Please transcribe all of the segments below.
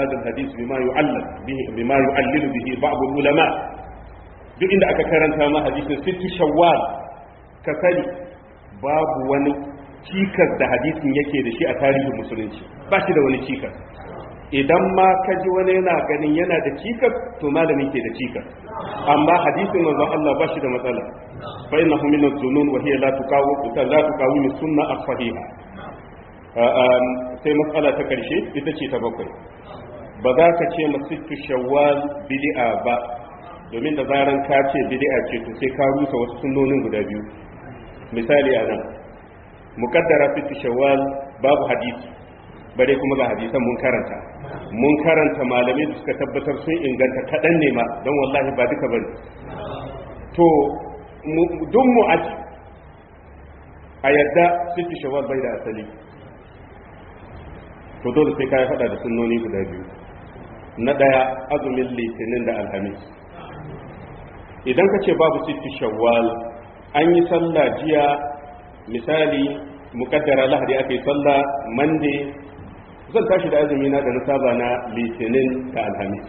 هذا الحديث بما يعلل به بما يعلل به بعض العلماء duk inda aka karanta ma hadisin sittu shawwal ka sani babu wani cikas da hadisin yake da shi a tarihin musulunci ba shi da wani cikas idan ma ka ji wani yana ganin yana da cikas to malami ke da cikas amma hadisin manzon Allah ba shi da matsala fa innahu min az sai matsala ta karshe ita ce ta bakwai ba za ka ce masu shawwal bid'a ba domin da zaran ka ce bidi'a ce to sai ka rusa wasu sunonin guda biyu misali a nan muqaddara sittu shawwal babu hadisi bare kuma ga hadisan mun karanta mun karanta malamai da suka tabbatar sun inganta kaɗan ne ma don wallahi ba duka bane to duk mu a yadda sittu shawwal bai da asali to dole sai ka yi faɗa da sunnoni guda biyu na ɗaya azumin litinin da alhamis idan ka ce babu sitti shawwal an yi sallah jiya misali mukaddara lahadi ake sallah mande zan tashi da azumi na da na saba na litinin da alhamis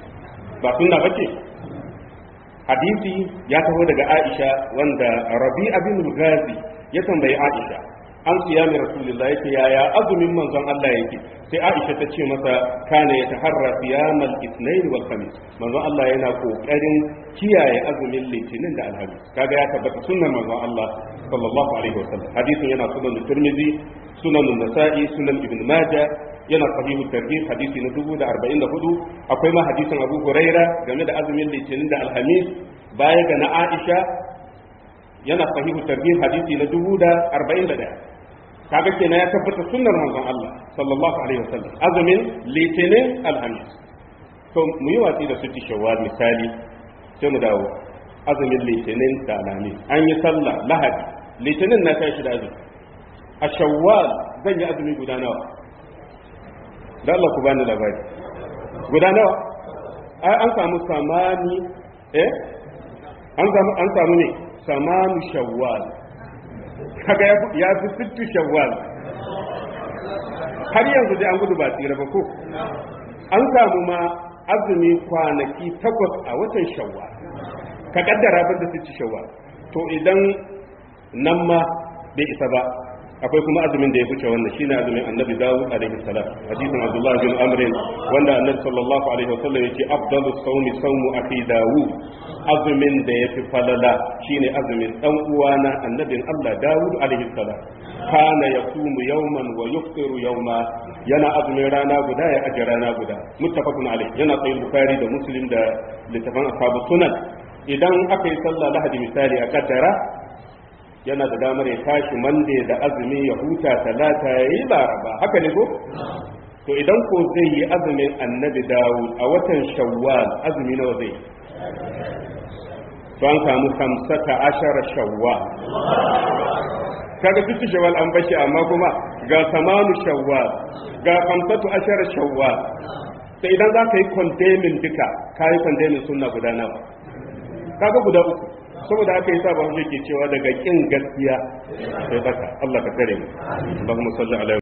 ba sunna bace hadisi ya taho daga aisha wanda rabi'a bin ghazi ya tambayi aisha an siyami rasulullah yake yaya azumin manzon Allah yake sai Aisha ta ce masa kana ya taharra siyamal ithnain wal khamis manzon Allah yana kokarin kiyaye azumin litinin da alhamis kaga ya tabbata sunnar manzon Allah sallallahu alaihi wasallam hadisin yana sunan Tirmidhi sunan Nasa'i sunan Ibn Majah yana sahihu tarhib hadisi na 1044 akwai ma hadisin Abu Huraira game da azumin litinin da alhamis baya ga na Aisha yana sahihu tarhib hadisi na 1041 kaga kenan ya tabbata sunnar manzon Allah sallallahu alaihi wasallam azumin litinin alhamis to mu yi watsi da suci shawwal misali sai mu dawo azumin litinin da alhamis an yi sallah lahadi litinin na tashi da azumi a shawwal zan yi azumi guda nawa da Allah ku bani labari guda nawa an samu samani eh an samu ne samani shawwal kaga ya fi sittu shawwal har yanzu dai an gudu ba tsira ba ko an samu ma azumi kwanaki takwas a watan shawwal ka kaddara ban da sittu shawwal to idan nan ma bai isa ba akwai kuma azumin da ya fice wannan shine azumin annabi dawud alaihi salam hadisin abdullah bin amr wanda annabi sallallahu alaihi wasallam yake afdalu sawmi sawmu akhi dawud azumin da yafi falala shine azumin dan uwana annabin allah dawud alaihi salam kana yasumu yawman wa yuftiru yawma yana azumin rana guda ya aje rana guda muttafaqun alaihi yana sahih bukhari da muslim da littafan ashabu sunan idan aka yi sallah lahadi misali a kaddara yana da damar ya tashi mande da azumi ya huta talata ya yi laraba haka ne ko to idan ko zai yi azumin annabi dawud a watan shawwal azumi nawa zai to an samu samsata ashara shawwal kaga duk shawwal an bashi amma kuma ga samanu shawwal ga samsatu ashara shawwal to idan za ka yi condemning duka ka yi condemning sunna guda nawa kaga guda uku saboda yi sa ba ke cewa daga kin gaskiya sai baka Allah ka kare mu